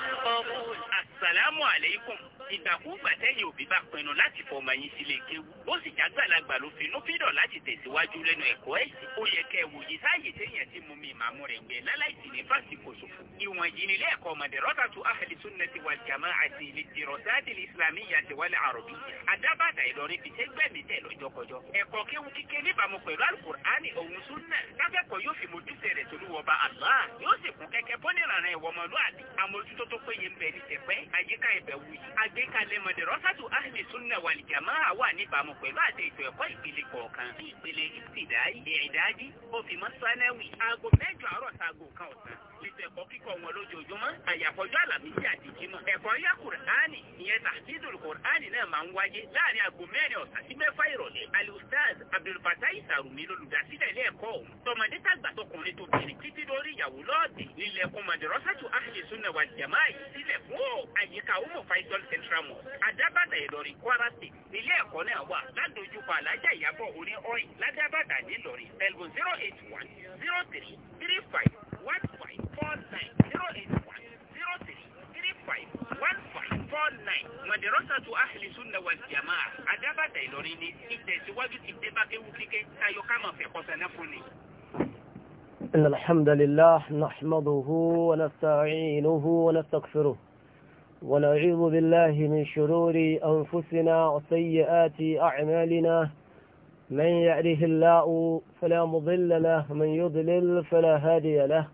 بالقبول السلام عليكم ìgbàkúgbà tẹ́yìn òbí bá pinnu láti fọmọ yín sílé kéwú ó sì jágbàlagbà ló finú fídọ̀ láti tẹ̀síwájú lẹ́nu ẹ̀kọ́ ẹ̀sìn ó yẹ kẹ́ ẹ wòye sáàyè téèyàn ti mú mi ìmàmú rẹ̀ gbé láláìsí ní fásitì ṣòfò ìwọ̀n yìí nílé ẹ̀kọ́ ọmọdé rọ́tà tó ahli sunnati wal jama'ati lè dìrọ̀ sáàdì islamiyyati wal arabiyyati adábàdà ìlọrin fi ṣe gbẹ̀mí tẹ̀ lọ́jọ́kọjọ́ ẹ̀kọ́ kéwu kíké níbàámu Allah yóò sì kún kẹ́kẹ́ bọ́nìrànà ìwọ̀mọlúwàbí àmójútó tó péye ń bẹ ní tẹ̀pẹ́ àgbékalẹ̀ madrasatu ahli sunna wal jamaa wà níbàámu pẹ̀lú àti ètò ẹ̀kọ́ ìpele kọ̀ọ̀kan ní ìpele ìpìdáyì ìdájí ó fi mọ́ sánáwì aago mẹ́jọ àárọ̀ sago kan ọ̀sán ètò ẹ̀kọ́ kíkọ́ wọn lójoojúmọ́ àyàfọ́jọ́ àlàmísì àti jímọ̀. ẹ̀kọ́ yá kùránì ìyẹn tàbídùn kùránì náà máa ń wáyé láàrin aago mẹ́rin ọ̀sán sí mẹ́fà ìrọ̀lẹ́. alustaz abdulfatai sarumi lolùdásílẹ̀ ilé ẹ̀kọ́ ọ̀hún. tọmọdé tàgbà tọkùnrin tó bẹ̀rẹ̀ títí lórí ìyàwó lọ́ọ̀dì nílẹ̀ kọmọdérọ́sàtù ahlisunna wal jamaa yìí sílẹ̀ fún ọ. àyíká umu faisal central mall adábàdà ìlọrin kwara state nílé ẹ̀kọ́ náà wà ládojúkọ alájà ìyàbọ̀ orí ọ̀yìn ládábàdà nílọrin telephone zero eight one zero three three five one five. إن الحمد لله نحمده ونستعينه ونستغفره ونعوذ بالله من شرور أنفسنا وسيئات أعمالنا من يأله الله فلا مضل له من يضلل فلا هادي له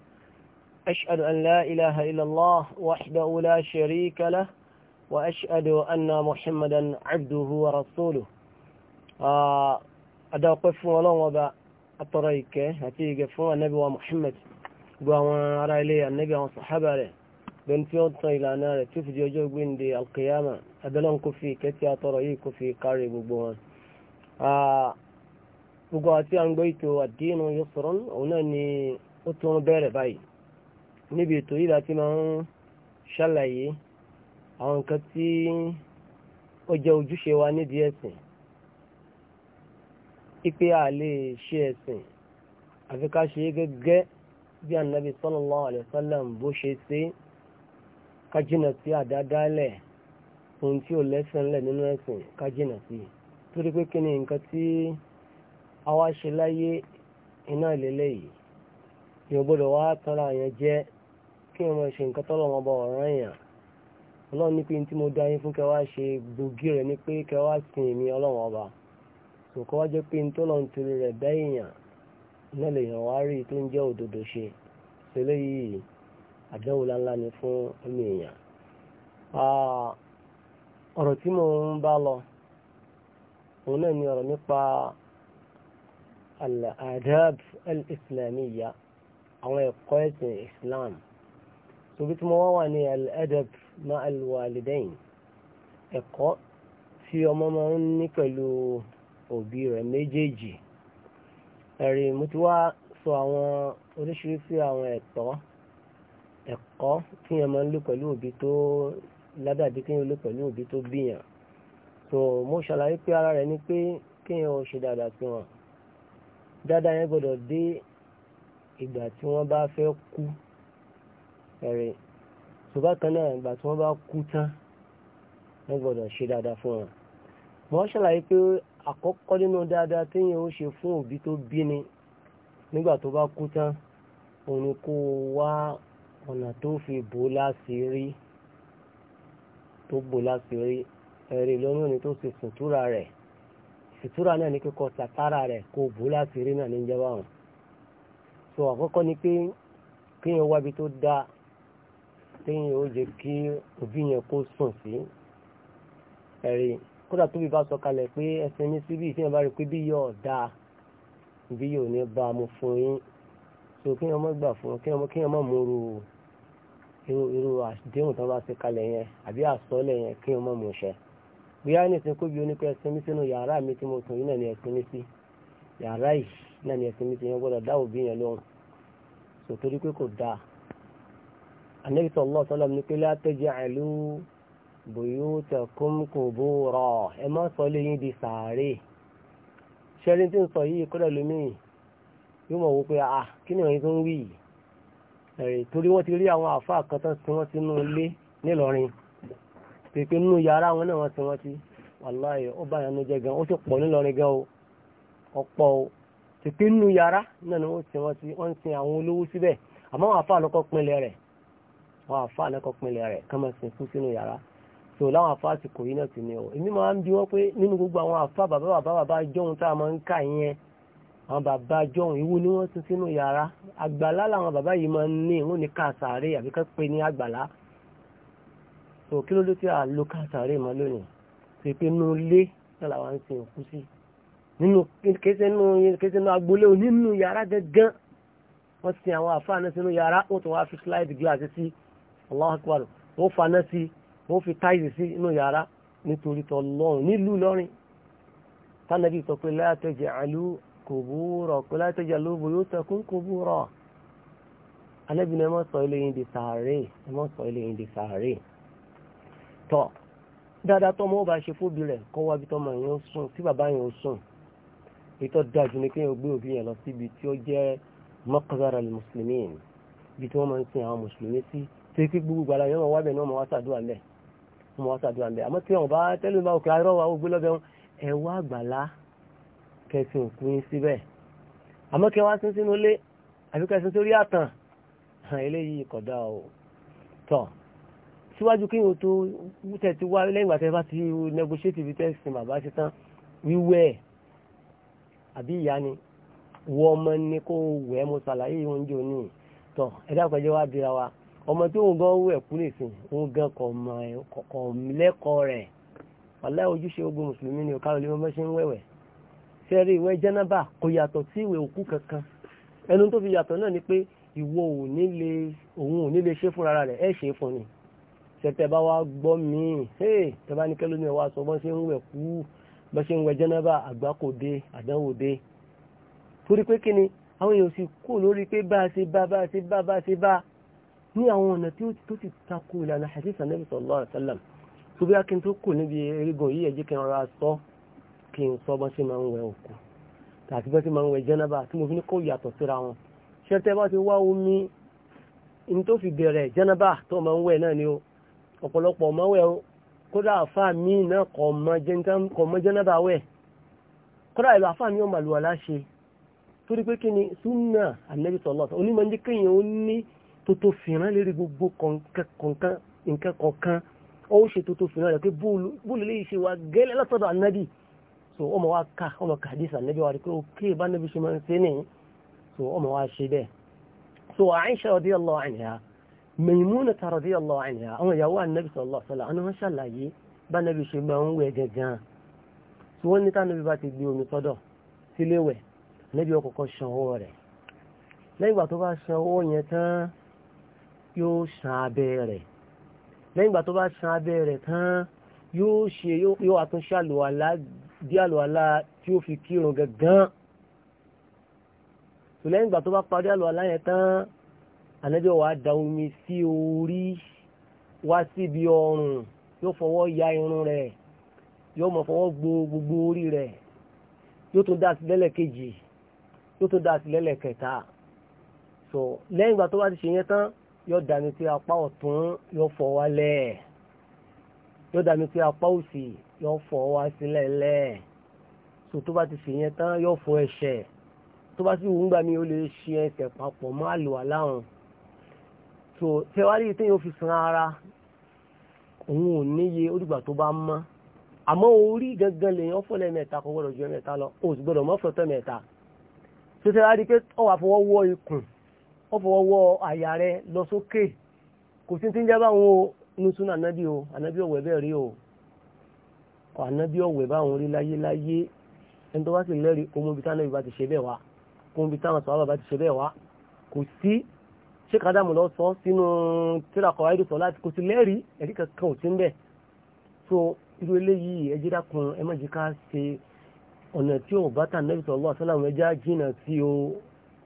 أشهد أن لا إله إلا الله وحده لا شريك له وأشهد أن محمدا عبده ورسوله أدوقف ولون وبا الطريق هتيجي فون النبي ومحمد وأنا أرى إليه النبي وصحابه له بنتي أطلع إلى نار تفجي وجوه بندي القيامة أدلون كفي كتيا طريق كفي قريب وبوان gbogbo àti àgbẹ̀yìtò àdínú yusrun òun náà ni ó tún bẹ̀rẹ̀ níbi ètò yìí láti máa ń ṣàlàyé àwọn nǹkan tí ó jẹ́ ojúṣe wa nídìí ẹ̀sìn ipe a lè ṣe ẹ̀sìn àfi ká ṣe gẹ́gẹ́ bí anabi sallallahu alaihi wasallam bó ṣe ṣe ká jìnà sí àdádálẹ̀ ohun tí ò lẹ́sìn lẹ̀ nínú ẹ̀sìn ká jìnà sí torí pé kí ni nǹkan tí a wá ṣe láyé iná ìlélẹ́yìí ni gbọ́dọ̀ wá tọ́ra yẹn jẹ́ kí ẹ máa ṣe nǹkan tọ́lọ̀ wọn bá ọ̀ràn èèyàn ọlọ́run ní pé tí mo dá yín fún kẹ ṣe gbòógì rẹ̀ ni pé kẹ sin èmi ọlọ́run ọba kò wá jẹ́ pé tọ́lọ̀ ń torí rẹ̀ dá èèyàn náà lèèyàn wá rí tó ń jẹ́ òdodo ṣe ṣẹlẹ̀ yìí àdánwò láńlá ni fún omi èèyàn. ọ̀rọ̀ tí mo ń bá lọ òun náà ni ọ̀rọ̀ nípa al-adab al-islamiyya àwọn ẹ̀kọ́ ẹ̀sìn islam tóbi tí mo wá wà ní al-adab ma'al walidain ẹ̀kọ́ tí ọmọ máa ń ní pẹ̀lú òbí rẹ̀ méjèèjì ẹ̀rí mo ti wá sọ àwọn oríṣiríṣi àwọn ẹ̀tọ́ ẹ̀kọ́ tí yẹn máa ń lò pẹ̀lú òbí tó ládàbí kí yẹn lò pẹ̀lú òbí tó bíyàn so mo ṣàlàyé pé ara rẹ̀ ni pé kí yẹn ò ṣe dáadáa sí wọn dáadáa yẹn gbọ́dọ̀ dé ìgbà tí wọ́n bá fẹ́ kú ẹ̀rẹ̀ ṣùgbọ́n kan náà ìgbà tí wọ́n bá kú tán wọ́n gbọ́dọ̀ ṣe dáadáa fún wọn. mo ṣàlàyé pé àkọ́kọ́ nínú dáadáa téèyàn ó ṣe fún òbí tó bí ni nígbà tó bá kú tán òun ni kó o wá ọ̀nà tó fi bò láṣìírí tó bò láṣìírí ẹ̀rẹ̀ lọ́nà ni tó ṣe sùtúrà rẹ̀ sùtúrà náà ní kíkọ sàtàrà rẹ̀ kó o bò láṣìírí náà ní ìjọba sọ àkọ́kọ́ ni pé kéèyàn wábi tó dáa téèyàn ó jẹ́ kí òbí yẹn kó sùn sí ẹ̀rí kódà tó bí bá sọ kalẹ̀ pé ẹsẹ̀ ní síbí ìfihàn bá rí pé bí yóò dáa bí yóò ní bá a fún yín so kí wọ́n gbà fún kí wọ́n mọ́ mú irú irú àdéhùn bá kalẹ̀ yẹn àbí yẹn kí ṣẹ. bóyá ní kóbi oníkó ẹsẹ̀ mi yàrá mi tí mo sùn yín náà ní yàrá yìí náà ní ẹsẹ̀ mi sí Ànábì sallallahu alaihi wasallam ní pé la taj'alu buyutakum qubura ẹ má sọ lé di sàárè ṣẹ́rí tí ń sọ yìí kọ́dà lómi yóò mọ̀ wó pé à ah, kí ni òyìn tó ń wí yìí torí wọ́n ti rí àwọn àáfàá kan tí wọ́n ti nú ilé nílọrin pèpè nínú yàrá wọn náà wọ́n ti wọ́n ti wàláhì ó bá yẹn jẹ gan ó sì pọ̀ nílọrin gan o ọ̀pọ̀ o pèpè nínú yàrá náà ni wọ́n ti wọ́n ti wọ́n ti àwọn olówó síbẹ̀ àmọ́ àwọn àáfàá pinlẹ̀ rẹ̀ àwọn àfa àlẹ́kọ̀ọ́ pinlẹ̀ rẹ̀ kán máa sìnkú sínú yàrá tó láwọn àfa àsìkò yìí náà sì ni o èmi máa ń bi wọ́n pé nínú gbogbo àwọn àfa bàbá bàbá bàbá jọ́hun tá a máa ń kà yẹn àwọn bàbá jọ́hun ìwú ni wọ́n sin sínú yàrá àgbàlá làwọn bàbá yìí máa ń ní wọ́n ní káàsàárè àbí ká pè ní àgbàlá tó kí ló dé tí a lo káàsàárè mọ́ lónìí wọ́n sin àwọn àfa náà sínú yàrá wọ́n tún wá fi slide glass sí Allahu Akbar wọ́n faná sí wọ́n fi táìsì sí inú yàrá nítorí tọ́lọ́run nílùú lọ́rin tánàbí sọ pé la taj'alu qubura pé la taj'alu buyutakum qubura alẹ́bìnrin ẹ má sọ ilé yín di sàárè ẹ má sọ ilé yín di sàárè tọ́ dáadáa tọ́ ọmọ ọba ṣe fóbi rẹ̀ kọ́ wá bí tọ́mọ yẹn ó sùn tí bàbá yẹn ó sùn ìtọ́ dájú ni kéèyàn gbé òbí yẹn lọ síbi tí ó jẹ́ maqbara al-muslimin bí tí wọ́n máa ń sin àwọn mùsùlùmí sí ṣe kí gbogbo gbàrà yẹn wọn wá bẹ̀ ní ọmọ wa ṣàdúrà lẹ̀ ọmọ wa ṣàdúrà lẹ̀ àmọ́ tí wọn bá tẹ́lẹ̀ bá òkè arọ́ wa ó gbé lọ́bẹ̀ ẹ wá àgbàlá kẹsìn òkú síbẹ̀ àmọ́ kẹ wá sí sínú ilé àbí kẹsìn sórí àtàn eléyìí kódà o tọ̀ síwájú kí o tó tẹ̀ ti wá lẹ́yìn ìgbàtẹ́ bá ti negotiate ibi tẹ́sìn bàbá ṣe tán wíwẹ̀ àbí ìyá ni wọ́n ọmọ ní kó wẹ̀ mo ṣàlàyé oúnjẹ òní tọ̀ ẹ dákọ̀ẹ́jẹ́ wá dira wa ọmọ tí òun gan wú ẹ̀kú nìsín òun gan kọ̀ lẹ́kọ̀ọ́ rẹ̀ wàlá ojúṣe ogun mùsùlùmí ni ọ̀ká olè mọ́ṣẹ́ ń wẹ̀wẹ̀ sẹ́rí ìwẹ̀ jẹ́nàbà kò yàtọ̀ sí ìwẹ̀ òkú kankan ẹnu tó fi yàtọ̀ náà ni pé ìwọ òun ò nílé ṣe fúnra rẹ̀ ẹ̀ ṣe fún ni tẹ̀tẹ̀ bá wá gbọ́ míì hey tẹ̀bá ní kẹ́lómi ẹ̀ wá sọ bọ́n ṣe ń wẹ̀ kú bọ́n ṣe ń wẹ̀ jẹ́nàbà àgbákòde àdánwòde torí pé kíni àwọn èèyàn sì kú lórí pé bá a ṣe bá bá a ṣe bá bá a ṣe bá ní àwọn ọ̀nà tí ó ti takò ìlànà hadith Ànábì sallallahu alaihi wasallam tó bí akin tó kù níbi erigun yìí ẹ̀jẹ̀ kí n ra sọ kí n sọ bọ́n sí máa ń wẹ òkú tàbí bọ́n sí máa ń wẹ jẹ́nàbà tí mo fi ní kó yàtọ̀ síra wọn ṣẹ́tẹ́ bá ti wá omi ní tó fi bẹ̀rẹ̀ jẹ́nàbà tó máa ń wẹ náà ni ọ̀pọ̀lọpọ̀ máa wẹ o kódà àfa náà kọ̀ mọ́ jẹ́nàbà wẹ̀ kódà ìlú àfa mi láṣe torí pé kí ni súnà Ànábì sallallahu alaihi wasallam onímọ̀ Toto tó fìràn lérí gbogbo nǹkan kọ̀ọ̀kan ó ṣe toto tó fìràn rẹ̀ pé bóòlù lè ṣe wà gẹ́lẹ́ látọ̀dọ̀ ànábì so ọmọ wa ká ọmọ kàdísà ànábì wa rí pé òkè bá ànábì ṣe máa ń ṣe nìyí so ọmọ wa ṣe bẹ́ẹ̀ so Aisha radiyallahu anha Maimuna radiyallahu anha àwọn ìyàwó ànábì sallallahu alaihi wasallam àwọn wọn ṣàlàyé bá ànábì ṣe máa ń wẹ̀ gẹ̀gàn tí wọ́n ní tánàbí bá ti gbé omi sọ́dọ̀ síléwẹ̀ lẹ́yìn ìgbà tó bá ṣan owó yẹn tán yóò san abẹ́ rẹ̀ lẹ́yìn ìgbà tó bá san abẹ́ rẹ̀ tán yóò ṣe yóò àtúnṣe àlùwàlá bí àlùwàlá tí ó fi kírun gangan tó lẹ́yìn ìgbà tó bá parí àlùwàlá yẹn tán ànábì wàá da omi sí orí wá síbi ọrùn yóò fọwọ́ ya irun rẹ̀ yóò mọ̀ fọwọ́ gbo gbogbo orí rẹ̀ yóò tún dá sí kejì yóò tún dá sí kẹta so lẹ́yìn ìgbà tó bá ti ṣe yẹn tán yóò dàmí pé apá ọ̀tún yóò fọ́ wá lẹ̀ yóò dàmí pé apá òsì yóò fọ́ wá sílẹ̀ lẹ̀ so tó bá ti fìyẹn tán yóò fọ ẹsẹ̀ tó bá sì wù ń gbà mí ó lè ṣe ẹsẹ̀ papọ̀ má lò wá láwọn so tẹwárí tí yóò fi san ara òun ò níye ó dìgbà tó bá mọ́ àmọ́ orí gangan lèèyàn fọ́lẹ̀ mẹ́ta kò gbọ́dọ̀ ju mẹ́ta lọ o sì gbọ́dọ̀ mọ́ fọ́tọ̀ mẹ́ta tó tẹwárí pé ọwà fọwọ́ wọ ikùn wọ́n fọwọ́ wọ àyà rẹ lọ sókè kò sí ti ń jábá wọn o inú súnà ànábì o ànábì ọ̀wẹ́ bẹ́ẹ̀ rí o kò ànábì ọ̀wẹ́ báwọn rí láyé láyé ẹni tó bá sì lẹ́rìí kó táwọn ẹbí bá ti ṣe bẹ́ẹ̀ wá kó táwọn sọ̀rọ̀ bá ti ṣe bẹ́ẹ̀ wá kò sí ṣé kàdámù lọ sọ sínú tírakọ̀ ayédè sọ láti kò sí lẹ́rìí ẹ̀rí kankan ò sí ń so irú eléyìí ẹjẹ́ dákun ẹ má jẹ́ ká ṣe ọ̀nà tí ò bá tà nẹ́bí sọ̀rọ̀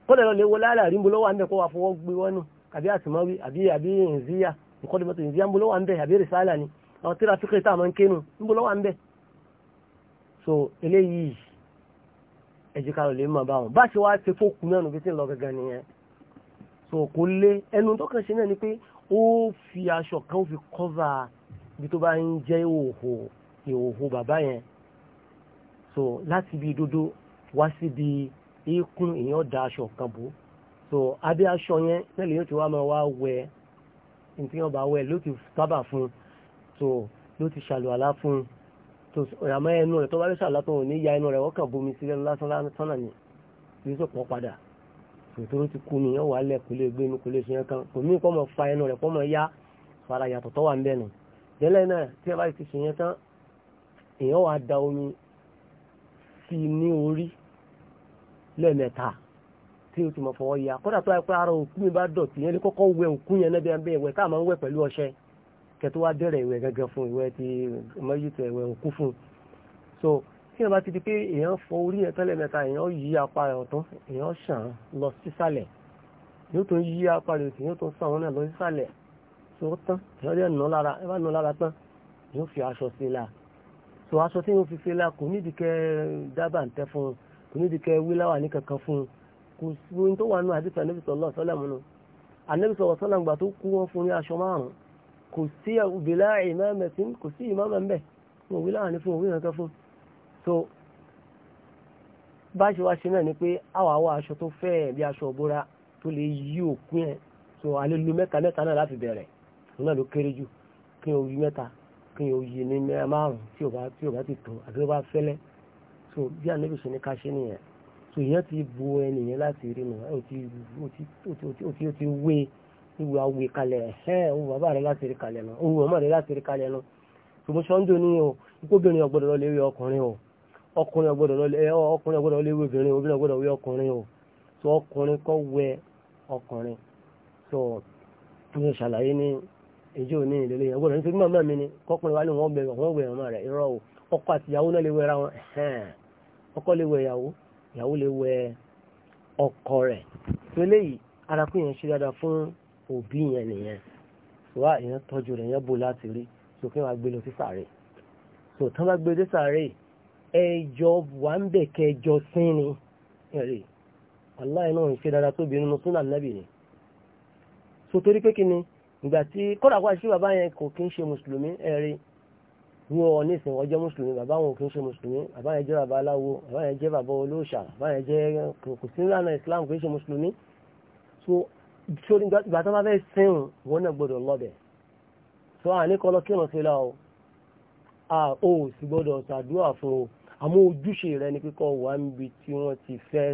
kọ́lẹ̀ lọ lè wọ láàrín bó lọ́wọ́ àńbẹ̀ kó wà fọwọ́ gbé wọ́nù àbí àtìmọ́wí àbí àbí ìrìnzíyà ìkọ́lẹ̀ mọ́tò ìrìnzíyà ń bó lọ́wọ́ àńbẹ̀ àbí rìsálà ni àwọn tíra fíkẹ́ tá a máa ń kénu ń bó lọ́wọ́ àńbẹ̀. so eléyìí ẹ̀jẹ̀ ká lọ lè mọ̀ bá wọn bá ṣe wá ṣe fókun náà níbi tí ń lọ gangan nìyẹn. so kò lé ẹnu tó kàn ṣe náà ni pé ó fi aṣọ kan ó fi kọ́va ibi tó bá ń jẹ́ ìhòhò ìhòhò bàbá yẹn so láti ibi ìdodo wá síbi ikún èèyàn da aṣọ kan bò so abẹ́ aṣọ yẹn tẹ́lẹ̀ yóò ti wá máa wá wẹ ní tí wọ́n bá wẹ ló ti sábà fún so ló ti ṣàlùwàlá fún so ọ̀yàmọ́ ẹnu rẹ̀ tó bá rí ṣàlùwàlá tó ní ya ẹnu rẹ̀ wọ́n kàn bomi sí lásán lásán náà ni kì í sọ̀pọ̀ padà tòtòrò ti kú nìyẹn wà lẹ̀ kò lè gbé inú kò lè ṣe kan kò ní kọ́ mọ̀ fa ẹnu rẹ̀ kọ́ mọ̀ ya fara yàtọ̀ tọ́ wà ń bẹ̀ nù délẹ̀ náà tí a bá ti ṣe yẹn tán èèyàn wà da omi sí ní orí lẹ́ẹ̀mẹ́ta tí o ti mọ̀ fọwọ́ ya kódà tó àìpẹ́ ara òkú mi bá dọ̀tí yẹn ní kọ́kọ́ wẹ òkú yẹn náà bí abẹ́ ìwẹ̀ tá a máa ń wẹ̀ pẹ̀lú ọṣẹ kẹtó wá bẹ̀rẹ̀ ìwẹ̀ gẹ́gẹ́ fún ìwẹ̀ ti mọ́yìtì ìwẹ̀ òkú fún so tí wọ́n bá ti di pé èèyàn fọ orí yẹn tẹ́lẹ̀ mẹ́ta èèyàn yí apá rẹ̀ ọ̀tún èèyàn ṣàn lọ sísàlẹ̀ yóò tún yí apá rẹ̀ òsì yóò tún sàn wọn náà lọ sísàlẹ̀ tó tán èèyàn dẹ̀ nà lára ẹ bá nà lára tán yóò fi aṣọ sí la so aṣọ tí yóò fi sí la kò nídìí kẹ́ dábàá ń tẹ́ kò ní dìkẹ́ wíláwà ní kankan fún un kò sí ohun tó wà nínú àdìsí ànábì sallallahu alaihi wasallam nù ànábì sallallahu alaihi wasallam gbà tó kú wọn fún ní aṣọ márùn kò sí òbílá ìmáàmẹ̀sìn kò sí ìmáàmẹ̀ ń fún wíláwà ní fún òwúrọ̀ kankan fún so bá ṣe wá ṣe náà ni pé àwa wá aṣọ tó fẹ́ bí aṣọ òbúra tó lè yí òkú yẹn so alẹ́ lu mẹ́ta mẹ́ta náà láti bẹ̀rẹ̀ náà ló kéré jù kí n ò yí mẹ́ta kí n ò yí ní mẹ́ta tí ò bá tí ò bá ti tó àti tó bá fẹ́lẹ́ so bí anabi ṣe ní ká ṣe nìyẹn so ìyẹn ti bo ẹnìyẹn láti rí nù ó ti ó ti wé ìwé awé kalẹ̀ ẹ̀hẹ́ òun bàbá rẹ̀ láti rí kalẹ̀ nù òun màmá rẹ̀ láti rí kalẹ̀ nù ṣùgbọ́n ni o ikóbìnrin ọ̀gbọ́dọ̀ lọ léwé ọkùnrin o ọkùnrin ọ̀gbọ́dọ̀ lọ ọkùnrin ọ̀gbọ́dọ̀ léwé obìnrin obìnrin ọ̀gbọ́dọ̀ wé ọkùnrin o so ọkùnrin kọ́ wẹ ọkùnrin so ní ìṣàlàyé ní ìjọ ní ìdílé yẹn ọ̀gbọ́dọ̀ nítorí màmá mi ni kọ́kùnrin wa ni wọ́n gbẹ̀rẹ̀ wọ́n gbẹ̀rẹ̀ màmá rẹ̀ irọ́ o ọkọ àtìyàwó náà léwé ra wọn ẹ̀hẹ́n ọkọ lè wẹ ìyàwó ìyàwó lè wẹ ọkọ rẹ̀ tó léyìí arakú yẹn ṣe dáadáa fún òbí yẹn nìyẹn wá ìyẹn tọ́jú rẹ̀ yẹn bò láti rí tó kí wọ́n gbé lọ sí sàárè tó tán bá gbé dé sàárè ẹjọ́ wà ń bẹ̀ kẹjọ sín ni ẹ̀rì aláì náà ń ṣe dáadáa tóbi nínú súnà nábì ni tó torí pé kí ni ìgbà tí kọ́dà wá sí bàbá yẹn kò kí ń ṣe mùsùlùmí ẹ̀rì wọ́n nísìnyí ọjọ́ mùsùlùmí bàbá wọn kì í ṣe mùsùlùmí bàbá yẹn jẹ́ bàbá aláwo bàbá yẹn jẹ́ bàbá olóòṣà bàbá yẹn jẹ́ kò sí nílànà Islam kì í ṣe mùsùlùmí so sórí ìgbà tó bá fẹ́ sìn wọn náà gbọdọ̀ lọ́bẹ̀ so àníkọ́ lọ kírun sí la o a ò sì gbọdọ̀ ṣàdúrà fún o àmọ́ ojúṣe rẹ ni kíkọ́ wà níbi tí wọ́n ti fẹ́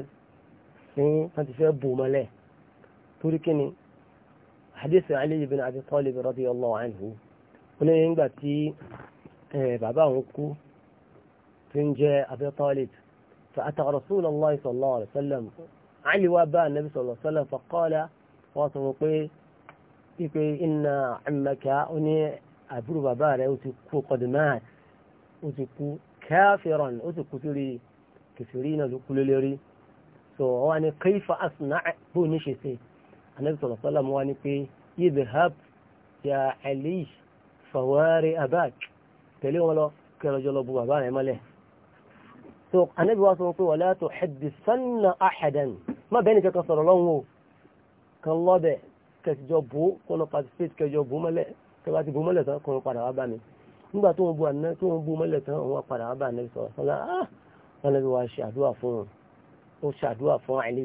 sìn wọ́n ti fẹ́ bò mọ́lẹ̀ torí kíni hadith Ali bàbá àwọn kú tí ń jẹ́ Abi Talib فأتى رسول الله صلى الله عليه وسلم علي وابا النبي صلى الله عليه وسلم فقال واتوقي ipe iná ẹ̀mẹ́ka ó ní àbúrò bàbá rẹ̀ ó ti kú kọ̀dùmáàt ó ti kú káfíran ó ti kú sírí kìfìrí náà ló kú lé lérí so wá ní kaifa asna bó ní ṣe sí anabi sallallahu alaihi pé yidhhab ya ali fawari abak tẹ̀lé wọn lọ kẹrọjọ lọ bu bàbá rẹ̀ mọ́lẹ̀ so anábì wá sọ pé wala tuhaddisanna ahadan má bẹ́ẹ̀ nìkan kan sọ̀rọ̀ lọ́wọ́ kan lọ́bẹ̀ kẹsìjọ bò kọ́nà participate kẹjọ bò mọ́lẹ̀ kẹba ti bò mọ́lẹ̀ tán kọ́nà padà wá bá mi nígbà tó ń bu àná tó ń bu mọ́lẹ̀ tán òun padà wá bá anábì sọ̀rọ̀ sọ́lá ah anábì wá ṣe àdúrà fún un ó ṣe àdúrà fún Ali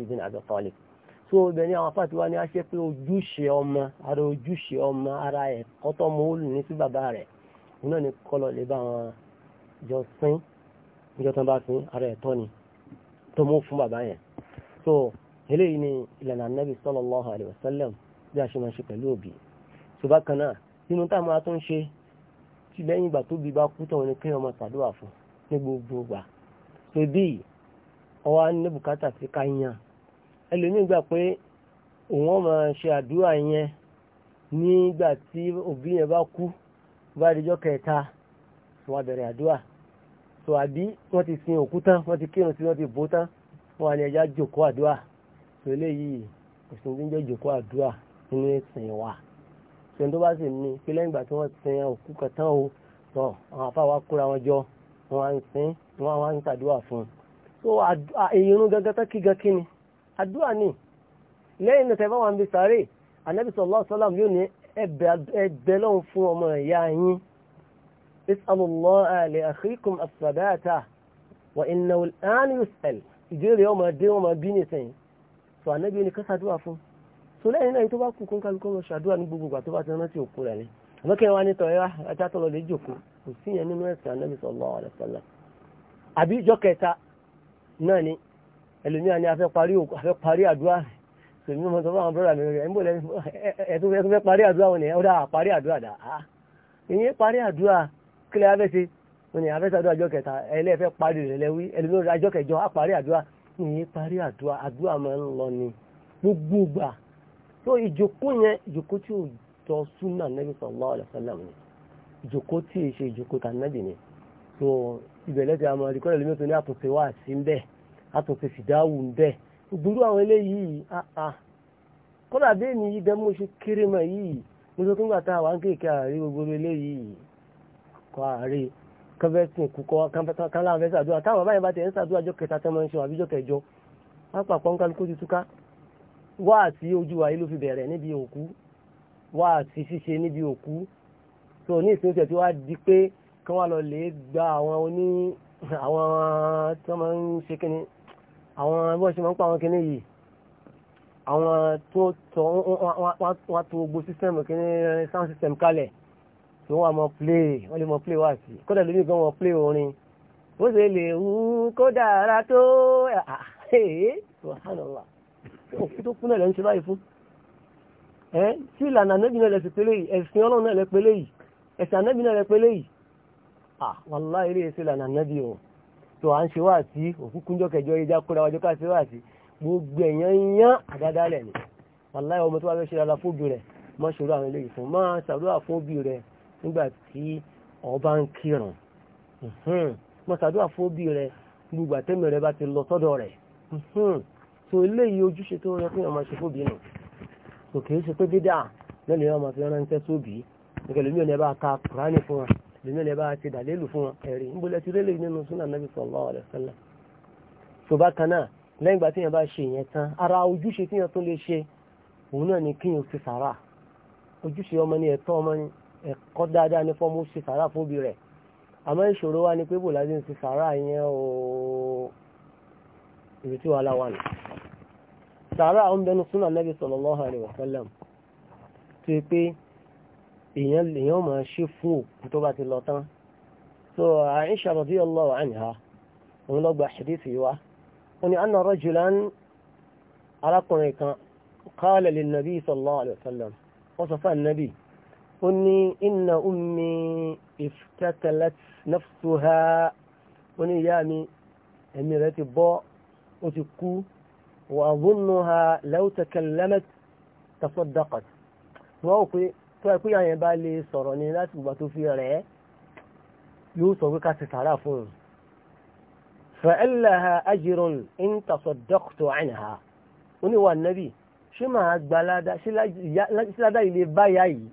bin àwọn apáàtì wa ni a ṣe pé ojúṣe ọmọ ara ojúṣe ọmọ ara ẹ̀kọ́ tọ́mọ ó lù sí bàbá rẹ̀ òun náà ni kọ́lọ̀ lè bá wọn jọ sín níjọ́ tán bá sín ara ẹ̀tọ́ ni tó mú fún bàbá yẹn so eléyìí ni ìlànà anábì sallallahu alaihi wasallam bí a ṣe máa ṣe pẹ̀lú òbí tó bá kan náà nínú táwọn máa tún ṣe tí lẹ́yìn ìgbà tóbi bá kú tọ̀hún ni kéèyàn máa ṣàdúrà fún ní gbogbo ìgbà tó bí ọwọ́ ní sí ká yan ẹlòmíì pé òun máa ṣe àdúrà yẹn nígbà tí òbí yẹn bá kú bá àdíjọ́ kẹta wọ́n bẹ̀rẹ̀ àdúrà so àbí wọ́n ti sin òkú tán wọ́n ti kírun sí wọ́n ti bó tán wọ́n á ní ẹja jòkó àdúrà so eléyìí kò sí ní jòkó àdúrà nínú ìsìn wa so tó bá sì ní pé lẹ́yìn ìgbà tí wọ́n sin òkú kan o tọ́ àwọn afá wa kóra wọn jọ wọ́n á ń sin wọ́n á ń tàdúrà fún un so ìrun gangan tán kí gan kí ni àdúrà ni lẹ́yìn náà tẹ́ bá wà ń bi sàárè ànábì ẹbẹ̀ lọ́hùn fún ọmọ ìyá yín is'alullaha li akhikum as-sabata wa innahu al-an yus'al ìbéèrè ọmọ dé ọmọ bí nìsẹ̀yìn tó ànábì ní kásádùá fún tó lẹ́yìn náà tó bá kú kó ń kálukọ́ lọ ní gbogbo ìgbà tó bá ti òkú rẹ̀ ni àmọ́kẹ́ wa ní tọ̀yọ́ ajá lè jòkó kò sí yẹn nínú ẹ̀sìn ànábì sallallahu alaihi sèmi mo sọ fún àwọn brọ́dà mi rẹ̀ ń bò lẹ́nu ẹ̀tún fẹ́ parí àdúrà wọn nìyẹn ó dáa parí àdúrà dà á ìyẹn parí àdúrà kílẹ̀ abẹ́sẹ̀ wọn ni abẹ́sẹ̀ àdúrà àjọ kẹta ẹlẹ́ fẹ́ parí rẹ̀ lẹ́wí ẹlẹ́mìíràn àjọ kẹjọ á parí àdúrà ìyẹn parí àdúrà àdúrà sallallahu alaihi wasallam ni ìjókòó tí ì ṣe ni so ìbẹ̀lẹ́ ti àmọ́ ìkọ́lẹ̀ lómi tó ní àtúnṣe wá sí ń bẹ́ẹ̀ gbúrú àwọn eléyìí àà kọ́lá dé ní yí gẹ́mú ṣe kéré mọ́ yìí mo sọ fún gbàtà wà ń kéèké àárí gbogbo eléyìí kọ́ àárí kọ́fẹ́sìn kúkọ́ kánlá fẹ́ sàdúrà táwọn báyìí bá tẹ̀ ń sàdúrà jọ kẹta tẹ́ máa ń ṣe àbí jọ kẹjọ pápákọ̀ ń kálukú ti túká wá àti ojú wa yìí ló fi bẹ̀rẹ̀ níbi òkú wá àti ṣíṣe níbi òkú tó ní ìsinmi tẹ̀ tí wá di pé kí wọ́n lọ lè gba àwọn oní àwọn tí wọ́n máa ń ṣe kíni àwọn ẹgbọ́n ṣe máa ń pa àwọn kinní yìí àwọn tó tọ́ wọ́n tó gbogbo sísẹ́mù kinní sound system kalẹ̀ tí wọ́n mọ̀ play wọ́n lè mọ̀ play wá sí kódà lórí gan mọ̀ play orin bó ṣe lè wú kó dára tó ẹ̀ẹ́ subhanallah òkú tó kú náà lẹ́ ń ṣe báyìí fún ẹ́ tí ìlànà anábì náà lẹ sì pélé yìí ẹ̀sìn ọlọ́run náà lẹ pélé yìí ẹ̀sìn anábì náà lẹ pélé yìí ah wàláhì eré ẹ̀sìn ìlànà anábì ọ̀hún so à ń ṣe wá sí òkúkúnjọ́ kẹjọ ìjà kóra wájú ká ṣe wá sí gbogbo èèyàn yán àdádálẹ̀ ni wàláyé ọmọ tó bá fẹ́ ṣe dáadáa fóbi rẹ̀ má ṣòro àwọn eléyìí fún máa ṣàdúrà fóbi rẹ̀ nígbà tí ọba ń kírun má ṣàdúrà fóbi rẹ̀ gbogbo àtẹ́mì rẹ̀ bá ti lọ sọ́dọ̀ rẹ̀ so eléyìí ojúṣe tó rẹ fún ọmọ ṣe fóbi nù kò lèmi lè bá ti dàlélù fún wọn ẹ̀rí ń bolẹ́ ti rélẹ̀ nínú súnà nàbì sallallahu alaihi wasallam tó bá kan lẹ́yìn ìgbà tí yẹn bá ṣe ìyẹn tán ara ojúṣe tí yẹn tó lè ṣe òun náà ni kí yẹn ti sàrà ojúṣe ọmọ ni ẹ̀tọ́ ọmọ ni ẹ̀kọ́ dáadáa ní fọ́ọ̀mù ṣe sàrà fóbi rẹ̀ àmọ́ ìṣòro wa ni pé bò láti ń ti sàrà yẹn o ìrètí wàhálà wà nù sàrà ọ̀hún bẹnu súnà nàbì sallallahu alaihi wasallam tó yẹ pé èèyàn lèèyàn máa ṣe fún òkú tó bá ti lọ tán so Aisha radiyallahu anha òun lọ gba hadisi wa ó ní anna rajulan arákùnrin kan qala lin nabi sallallahu alayhi wa sallam wọ́n sọ fún nabi ó ní inna kú tó ẹ pé àyẹn bá lè sọ̀rọ̀ ni láti ìgbà tó fi rẹ̀ ẹ́ yóò sọ pé ká ti sàrà fún un. fa'alaha ajirun in tasaddaqtu anha oníwà nẹ́bì ṣé màá gba síládà ilé báyà yìí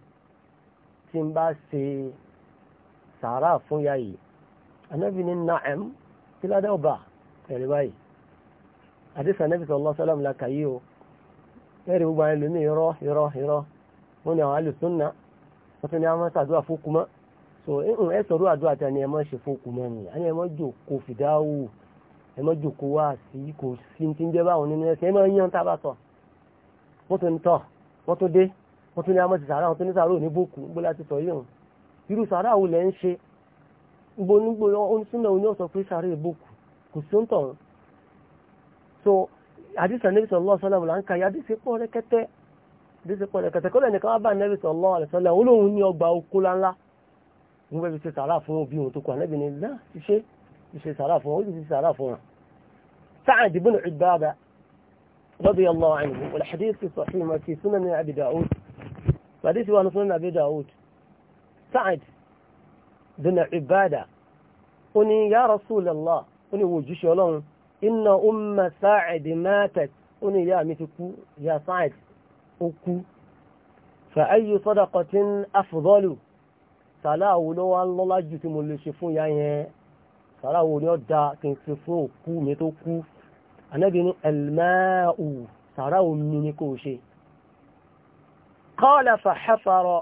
tí n bá ṣe sàrà fún yà yìí anábì ní na'am síládà ọba tẹ̀lé báyìí àdìsàn nẹ́bì sallallahu alaihi o ẹ̀rì gbogbo àwọn ẹlòmíì irọ́ irọ́ irọ́ wọ́n ní àwọn alùsùnà wọ́n tún ní àwọn sàdúrà fókù mọ́ so ẹ sọ̀rọ̀ àdúrà tí a ní ẹ mọ́ ṣe fókù mọ́ ni a ní ẹ mọ́ jòkó fìdáwù ẹ mọ́ jòkó wá sí kò sí ti ń jẹ́ báwọn nínú ẹsẹ̀ ẹ mọ́ yán tá a bá sọ wọ́n tún tọ̀ wọ́n tún dé wọ́n tún ní àwọn ti sàrà wọ́n tún ní sàrà òní bókù ń gbọ́dọ̀ ti sọ yìí hàn irú sàrà wo lẹ́ ń ṣe gbónúgbò onísúnà oní ọ̀sọ̀ pé sàrà ìbókù kò sí ń tọ̀ so àdìsàn níbi sọ̀rọ̀ dẹ́sẹ̀ pọ̀lẹ̀ kẹ̀tẹ̀kọ́lẹ̀ nìkan wá bá nẹ́bí sallallahu alaihi wasallam olóhun ní ọgbà oko láńlá ń bẹ́ẹ̀ fi ṣe sàrà fún òbí òun tó kọ ànẹ́bí ni náà ti ṣe ti ṣe sàrà fún òun ó sì ti fún wọn. Sa'd ibn Ubadah radiyallahu anhu wal hadith fi sahih ma fi sunan Abi Dawud hadith wa sunan Abi Dawud Sa'd ibn Ubadah ó ní ya Rasulullah ó ní wòjúṣe ọlọ́run inna umma Sa'd matat ó ní ìyá mi ti kú ìyá Sa'd ó kú fa ayyu sadaqatin afdalu sàláwo ló wá lọ́lá jù tí mo lè ṣe fún ìyá yẹn sàláwo ni ó da kí n ṣe fún òkú mi tó kú anábì ní al-ma'u sàráwo mi ni kò ṣe qala fa hafara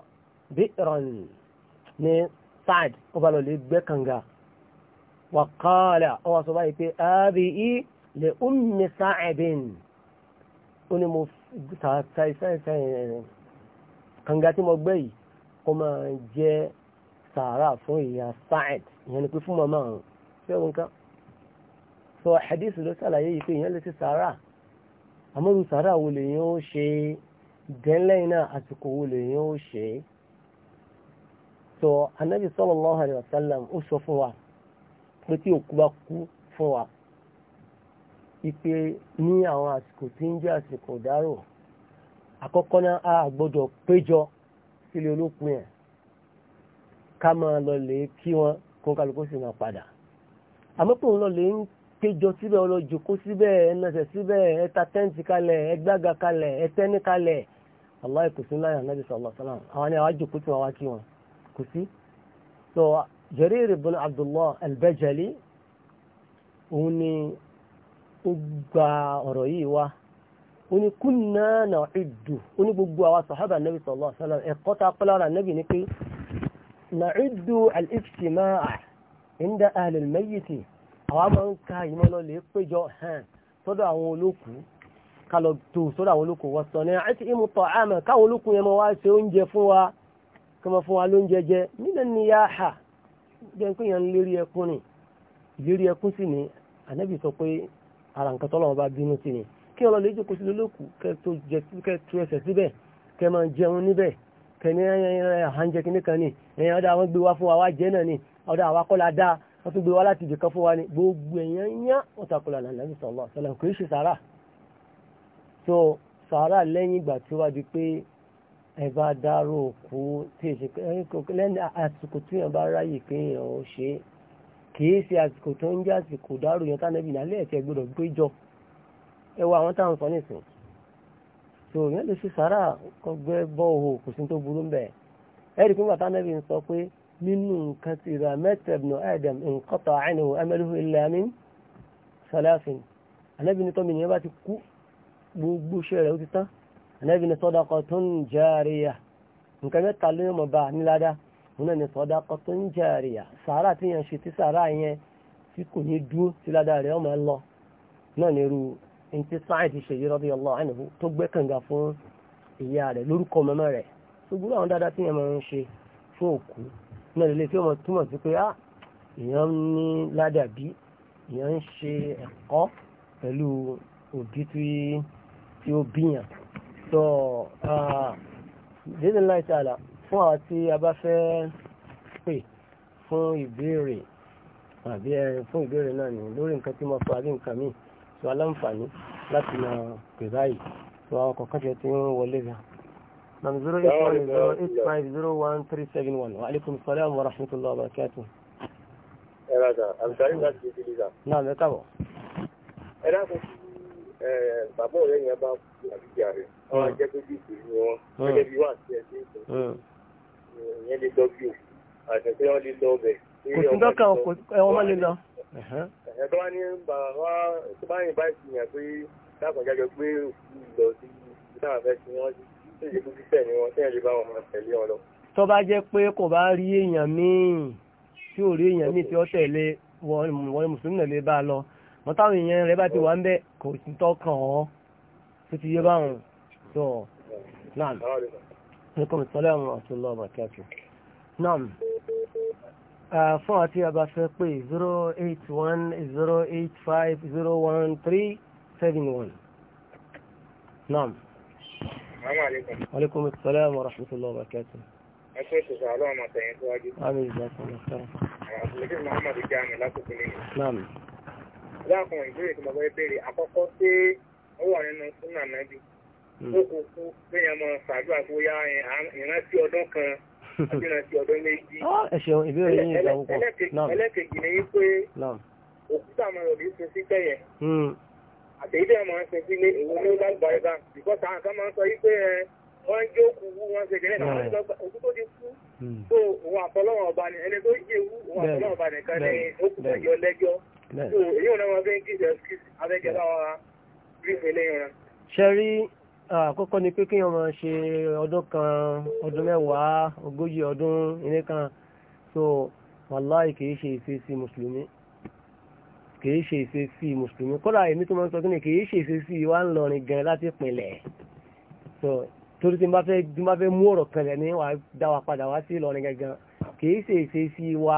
bi'ran ní Sa'd ó bá lọ lè gbẹ́ kànga wa qala ó wá sọ báyìí pé abi i li ummi Sa'din ó ní mo kànga tí mo gbé yìí kó máa jẹ́ sàárà fún ìyá Saad ìyẹn ni pé fún màmá àrùn ṣé òun kan sọ hadith ló ṣàlàyé yìí pé ìyẹn lè ṣe sàárà àmọ́rù sàárà wo lèyìn ó ṣe náà àsìkò wo ó ṣe alaihi ó sọ fún wa pé tí òkú bá ipe ní àwọn àsìkò tí ń jẹ́ àsìkò ìdárò àkọ́kọ́ náà a gbọ́dọ̀ péjọ sílé olópin ẹ̀ ká máa lọ lè kí wọn kó kálukú sì máa padà àmọ́ pòun lọ lè ń péjọ síbẹ̀ ọlọ́jọ́ kó síbẹ̀ ẹnẹsẹ̀ síbẹ̀ ẹta tẹ́ǹtì kalẹ̀ ẹgbága kalẹ̀ ẹtẹ́ni kalẹ̀ aláì kò sí láyà nàbì sallallahu alaihi wasallam àwọn ni àwọn àjòkó tí wọn wá kí wọn kò sí. so Jarir ibn Abdullah al-Bajali òun ni ó gba ọ̀rọ̀ yìí wá ó ní kúnnà náà ìdù ó ní gbogbo àwọn sàhábà nẹ́bí sallallahu alaihi wasallam ẹ̀kọ́ ta pẹ́lára nẹ́bí ni pé náà ìdù al-ijtimaa inda ahli al àwọn máa ń ka ìmọ̀ lọ lè péjọ hàn sọ́dọ̀ àwọn olókùú ká tó sọ́dọ̀ àwọn olókùú wọ́n sọ ní àti ìmú tọ̀ àmọ̀ káwọn olókùú yẹn máa wá ṣe oúnjẹ fún wa kí wọ́n fún wa lóúnjẹ jẹ nínú níyàhà jẹ́ pé yẹn ń lérí ẹkún ni ìlérí ẹkún sì ni ànábì sọ pé ara nǹkan tọ́lọ́wọ́ bá bínú sí ni kí ọlọ́ lè jókòó sílé lókù kẹ́ tó ẹsẹ̀ síbẹ̀ kẹ́ máa jẹun níbẹ̀ kẹ́ ní àhánjẹ kìíní kan ní ẹ̀yìn ọ̀dà àwọn gbé wá fún wa wá so sàárà lẹ́yìn ìgbà tí wá di pé ẹ bá dárò kú tí kìí ṣe àsìkò tó ń jẹ́ àsìkò dárò yẹn tánẹ́bì náà lẹ́ẹ̀tẹ́ gbọ́dọ̀ péjọ ẹ wọ àwọn táwọn sọ nìsín tó yẹn lè ṣe sàárà kọgbẹ́ bọ́ òhò kò sí tó burú mbẹ́ ẹ rí i pé wà tánẹ́bì ń sọ pé nínú nǹkan ti ra mẹ́tẹ̀bùnú adam nǹkọ́tọ̀ àìníwò amẹ́lúhù ilẹ̀ amín sàlẹ́fìn ànábì tọ́mi nìyẹn bá ti kú gbogbo iṣẹ́ rẹ̀ ó ti tán ànábì ní sọ́dọ̀kọ̀ tó ń járe yà nǹkan mẹ́ta ló yẹ mọ̀ bá níládàá náà ni sadaqatun jariyah sàárà tí yẹn ṣe tí sàárà yẹn tí kò ní dúró tí ládàá rẹ̀ ọmọ ẹ lọ náà ni irú ntí Sa'id Shaykh radiyallahu anhu tó gbẹ́ kànga fún ìyá rẹ̀ lórúkọ mọ́mọ́ rẹ̀ ṣùgbọ́n àwọn dáadáa tí yẹn máa ń ṣe fún òkú ah èèyàn ní ládàbí ń ṣe ẹ̀kọ́ pẹ̀lú òbí tí ó bíyàn tó dédé láìsí àlà fún àwọn tí a bá fẹ́ pè fún ìbéèrè àbí fún ìbéèrè náà ni lórí nǹkan tí mo fọ àbí nǹkan míì tó aláǹfààní láti máa pè báyìí tó àwọn kọ̀ọ̀kan jẹ́ tí ń wọlé gan. nam zero eight one zero eight five zero one three seven one wa aleykum salaam wa rahmatulah wa barakatu. ẹ rà sà àbùsàlì láti ṣe ìdílé sà. náà mẹ́ta bọ̀. ẹ dákun bàbá ọ̀rẹ́ yẹn bá kú àbíjà rẹ̀ ọ̀ hmm. jẹ́ pé ìṣèlú wọn hmm. gẹ́gẹ́ ìyẹn lè lọ bí o àṣẹ pé wọ́n lè lọ bẹ̀. kò sí dọ́kà ẹ̀wọ̀n má lè lọ. ẹ̀hẹ́ tó bá ní bàbá tó bá yìnbá ìsìnyà pé dákọ̀jájọ pé lọ sí táwọn fẹ́ sí wọ́n sí ṣèṣe kú títẹ̀ ni wọ́n tẹ́lẹ̀ bá wọn máa tẹ̀lé wọn lọ. tó bá jẹ́ pé kò bá rí èèyàn míì tí ò rí èèyàn míì tí ó tẹ̀lé wọn mùsùlùmí náà lè bá a lọ wọn táwọn èèyàn rẹ bá ti wà ń bẹ kò sí tọkàn ọ tó ti yé báwọn tó náà aleykum salaam wa rahmatulah wa barakatuh naam ah, fún àti abafẹ́ pé zero eight one zero eight five zero one three seven one naam. salaamaleykum. aleykum salaam wa rahmatulah wa barakatuh. ẹ pé ṣùgbọ́n àlọ́ ọmọ tẹ̀yìn síwájú. àmì ìgbà kan lọ sọ́rọ̀. àbùlẹ́bí muhammad jami lásìkò nínú. naam. láàkùn ìbéèrè Hmm. ó kò kú lẹ́yìn ọmọ ṣàdúrà kó yá ìrántí ọdún kan àti ìrántí ọdún méjì. ẹ ṣeun ìbéèrè yín ìgbà púpọ̀ ẹlẹ́kejì ni wípé òkúta ọmọ rẹ̀ ló ṣe sí tẹ̀yẹ̀ àtẹ̀yẹ́dẹ́ ọmọ rẹ̀ ṣe sí ilé èwo ló lágbàáyé bá bìkọ́sì àwọn kan máa ń sọ wípé wọ́n jó kú wú wọ́n ṣe gẹ́gẹ́ náà wọ́n sọ òkú tó ti kú tó hmm. òun àfọlọ́wọ́n ọba ni ẹni tó yé wú òun àfọlọ́wọ́n ọba nìkan ní òkú tó yọ lẹ́jọ́ tó èyí ò náà wọ́n fẹ́ ń kí ìṣẹ́ abẹ́gẹ́ bá wa rí ìpínlẹ̀ yẹn. ṣe rí àkọ́kọ́ ni pé kéèyàn máa ṣe ọdún kan ọdún mẹ́wàá ogójì ọdún ilé kan so wàláì kìí ṣe ìṣesí mùsùlùmí kìí ṣe ìṣesí mùsùlùmí kódà èmi tó máa ń sọ kí ni kìí ṣe ìṣesí wa ń lọrin gan láti pinlẹ̀ so torí tí n bá fẹ́ tí bá fẹ́ mú ọ̀rọ̀ kan lẹ̀ ní wàá dá wa padà wá sí ìlọrin gangan kìí ṣe ìṣesí wa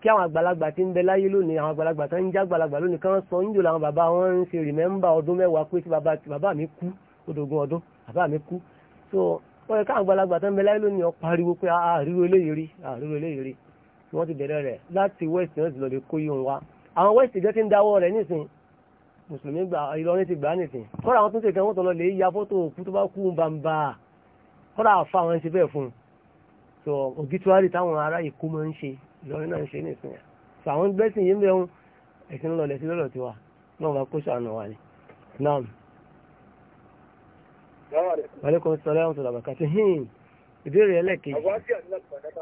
kí àwọn àgbàlagbà tí ń bẹ láyé lónìí àwọn àgbàlagbà tó ń já àgbàlagbà lónìí kan sọ ń jò làwọn bàbá wọn ń ṣe rìmẹ́mbà ọdún mẹ́wàá pé tí bàbá mi kú kódógún ọdún bàbá mi kú so wọ́n yẹ káwọn àgbàlagbà tó ń bẹ láyé lónìí ọ pariwo pé àríwó ah, ah, eléyìí rí àríwó ah, eléyìí rí tí wọ́n ti bẹ̀rẹ̀ rẹ̀ láti west náà ti lọ lè kó yóò wá àwọn west jẹ́ ti ń dáwọ́ rẹ̀ nísìn mùsùlùmí gbà ìlọrin ti gbà nísìn kọ́ra àwọn tó ń tẹ̀kẹ́ wọ́n tọ̀ lọ lè ya fọ́tò òkú tó bá kú bàǹbà kọ́ra àfa àwọn ẹni ti bẹ́ẹ̀ fún un so ògítúwárì táwọn ará ìkú máa ń ṣe ìlọrin náà ń ṣe nísìn so àwọn gbẹ́sìn yìí ń bẹ́ẹ̀ ẹ̀sìn lọ lẹ́sìn lọ́dọ̀ tiwa náà wà kó ṣàánú wa ni náà. Aleykum salaam wa rahmatulah barakati. Hin ìbéèrè ẹlẹ́kejì.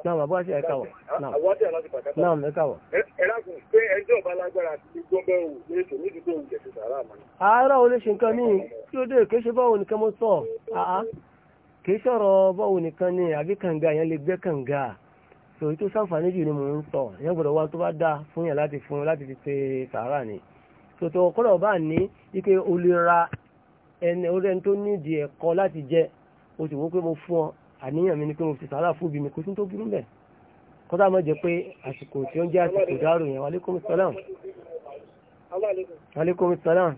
Náà bàbá àti ẹ̀ka wọ̀. Náà mi ẹ̀ka pé ẹjọ́ ọba lágbára ti gbọ́bẹ̀ wò ní ètò tó ń jẹ̀ sí sàárà Àárọ̀ ni àbí kànga yẹn lè gbẹ́ kànga. Sòrí tó sáǹfààní jù ni mò ń sọ. ni. Tòtò kọ́dọ̀ bá ní ike olè ẹni orí ẹni tó nídìí ẹ̀kọ́ láti jẹ o sì wọ́n pé mo fún ọ àníyàn mi ni pé mo fi sàárà fún ibi mi kò sí tó burú bẹ̀ kọ́tà mọ́ jẹ́ pé àsìkò tí ó ń jẹ́ àsìkò dárò yẹn wa aleykum salam. aleykum salam.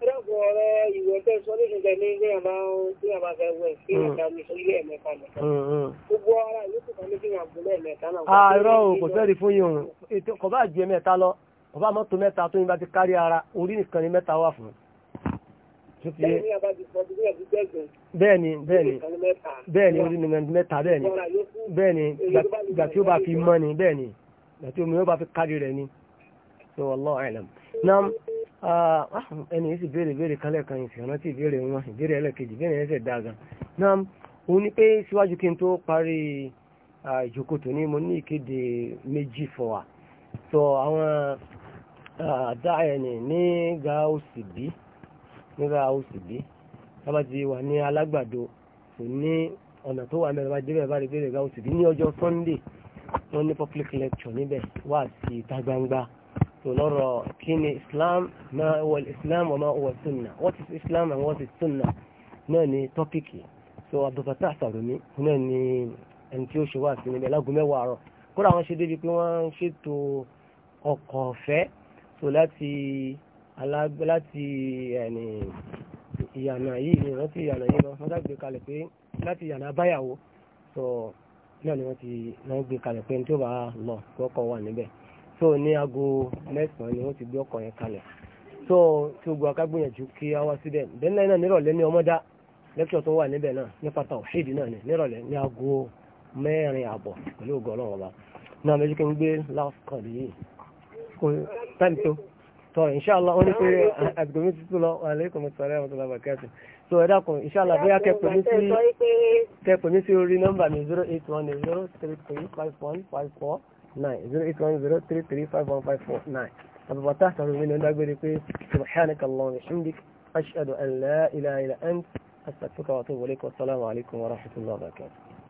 ẹlẹ́kùn ọ̀rẹ́ ìwé ẹgbẹ́ sọ ní ìṣẹ̀lẹ̀ ní ilé àmà tí àmà fẹ́ wẹ̀ sí àdáni ilé ẹ̀mẹ́ta lọ. Mm, mm. gbogbo ara ìlú kò sáré fi hàn gúnlẹ̀ ẹ̀mẹ́ta náà. àárọ̀ kò sẹ́ẹ̀rì fún yìí o kò bá jẹ́ mẹ́ta lọ kò bá mọ́tò mẹ́ta tó yín bá ti kárí ara orí nìkan ni mẹ́ta wà fún un bẹ́ẹ̀ni bẹ́ẹ̀ni bẹ́ẹ̀ni orí nìkan mẹ́ta bẹ́ẹ̀ni bẹ́ẹ̀ni ìgbà tí ó bá fi mọ́ ni bẹ́ẹ̀ni ìgbà tí omi ó bá fi kárí rẹ̀ ni so wallahu a'lam nam ẹni yìí sì béèrè béèrè kálẹ̀ kan ìfì ọ̀nà tí ìbéèrè wọn ìbéèrè ẹlẹ́kejì bẹ́ẹ̀ ni ẹsẹ̀ dáagan nam òun ni pé síwájú kí n tó parí ìjókòó tòní mo ní ìkéde méjì fọwà so àwọn dáa ẹni ní gáà òsì bíi nígbà oṣù dé tábà ti wà ní alágbàdo kò ní ọ̀nà tó wà mẹ́rin bá débẹ̀ bá rí bẹ́rẹ̀ bá oṣù dé ní ọjọ́ sunday wọ́n ní public lecture níbẹ̀ wà sí ìta gbangba tó lọ́rọ̀ kí ni islam máa wọ islam wa ma huwa sunna what is islam and what is sunna náà ni tọ́pìkì so abdulfatah sàrùmí náà ni ẹni tí ó ṣe wà sí níbẹ̀ lágùn mẹ́wàá àárọ̀ kódà wọ́n ṣe débi pé wọ́n ṣètò ọkọ̀ ọ̀fẹ́ so láti láti ìyànà yìí ìrántí ìyànà yìí lọ wọ́n dàgbé kalẹ̀ pé láti ìyànà náà ni wọ́n ti na gbé kalẹ̀ pé tí so ní aago mẹ́sàn-án ni wọ́n ti gbé ọkọ̀ yẹn kalẹ̀ so tí gbogbo akágbìyànjú kí a wá síbẹ̀ bẹ́ẹ̀ náà nírọ̀lẹ́ ní ọmọdá lẹ́kṣọ̀ tó wà níbẹ̀ náà náà ni nírọ̀lẹ́ ní aago mẹ́rin àbọ̀ pẹ̀lú ọlọ́run ọba náà kí n so inshallah ó ní pé àgbègbè títú lọ aleikum sọ̀rọ̀ àwọn tọ́lá bàkẹ́tì so ẹ dákun inshallah bóyá kẹpẹ̀ mi sí kẹpẹ̀ mi sí orí nọ́mbà mi zero eight one zero three three five one five four nine zero eight one zero three three five one five four nine àbùbọ̀ tá àtàwọn mi ní ọ̀dà gbére pé subhanaka Allahumma wa bihamdik ashhadu an la ilaha illa ant astaghfiruka wa atubu ilayk wa assalamu alaykum wa rahmatullahi wa barakatuh.